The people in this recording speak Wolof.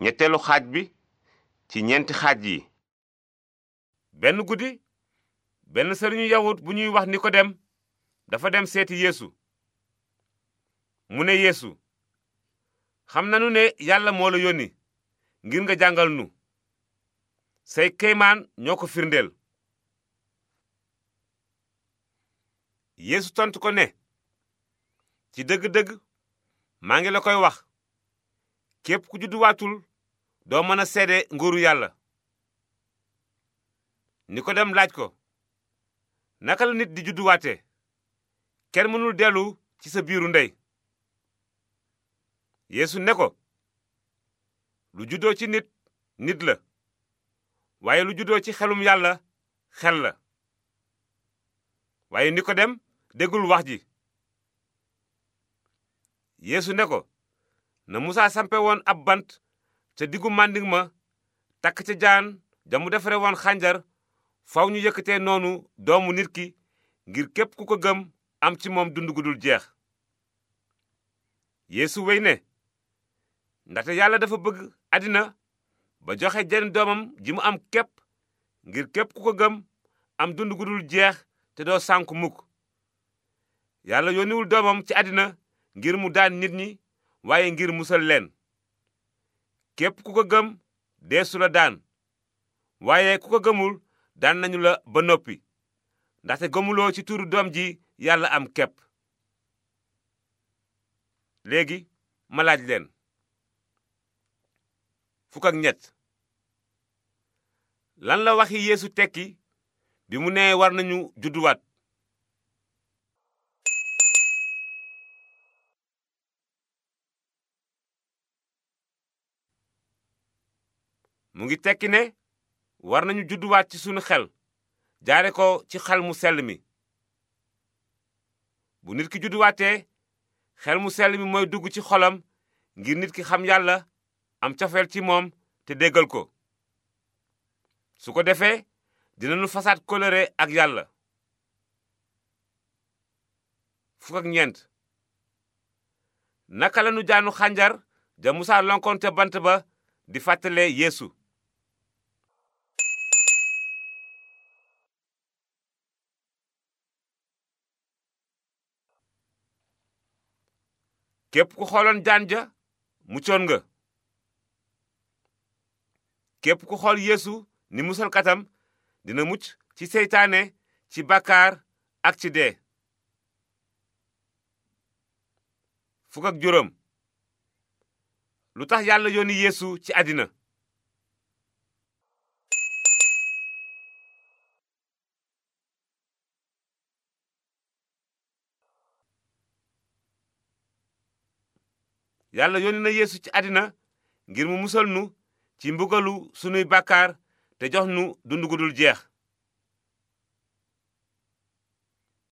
ñetteelu xaaj bi ci ñeenti xaaj yi benn guddi benn sëriñu yawut bu ñuy wax ni ko dem dafa dem seeti yéesu mu ne yéesu xam nanu ne yàlla moo la yónni ngir nga jàngal nu say kéemaan ñoo ko firndeel yéesu tontu ko ne ci dëgg-dëgg maa ngi la koy wax képp ku judduwaatul doo mën a seede nguuru yàlla nikodem laaj ko naka la nit di judduwaate kenn mënul dellu ci sa biiru ndey yéesu ne ko lu juddoo ci nit nit la waaye lu juddoo ci xelum yàlla xel la waaye nikodem déggul wax ji yéesu ne ko na musaa sampe woon ab bant ca diggu màndig ma takk ca jaan ja mu defare woon xànjar faw ñu yëkkatee noonu doomu nit ki ngir képp ku ko gëm am ci moom dund gu dul jeex yéesu wéy ne ndaxte yàlla dafa bëgg àddina ba joxe jenn doomam ji mu am képp ngir képp ku ko gëm am dund gu jeex te doo sànku mukk yàlla yónniwul doomam ci àddina ngir mu daan nit ñi waaye ngir musal leen képp ku ko gëm deesu la daan waaye ku ko gëmul daan nañu la ba noppi ndaxte gëmuloo ci turu doom ji yàlla am képp léegi ma laaj leen fukk ak ñett lan la waxi yéesu tekki bi mu nee war nañu judduwaat mu ngi tekki ne war nañu judduwaat ci sunu xel jaare ko ci xel mu sell mi bu nit ki judduwaatee xel mu sell mi mooy dugg ci xolam ngir nit ki xam yàlla am cofeel ci moom te déggal ko su ko defee dinañu fasaat kóllëre ak yàlla fukk ak ñeent naka lanu jaanu xànjar ja musa lonkoon bant ba di fàttale yéesu képp ku xooloon jaan ja muccoon nga képp ku xool yéesu ni musalkatam dina mucc ci seytaane ci bàkkaar ak ci dee fukk ak juróom lu tax yàlla yónni yéesu ci àddina yàlla yónni na yeesu ci àddina ngir mu musal nu ci mbugalu sunuy bàkkaar te jox nu dund gu dul jeex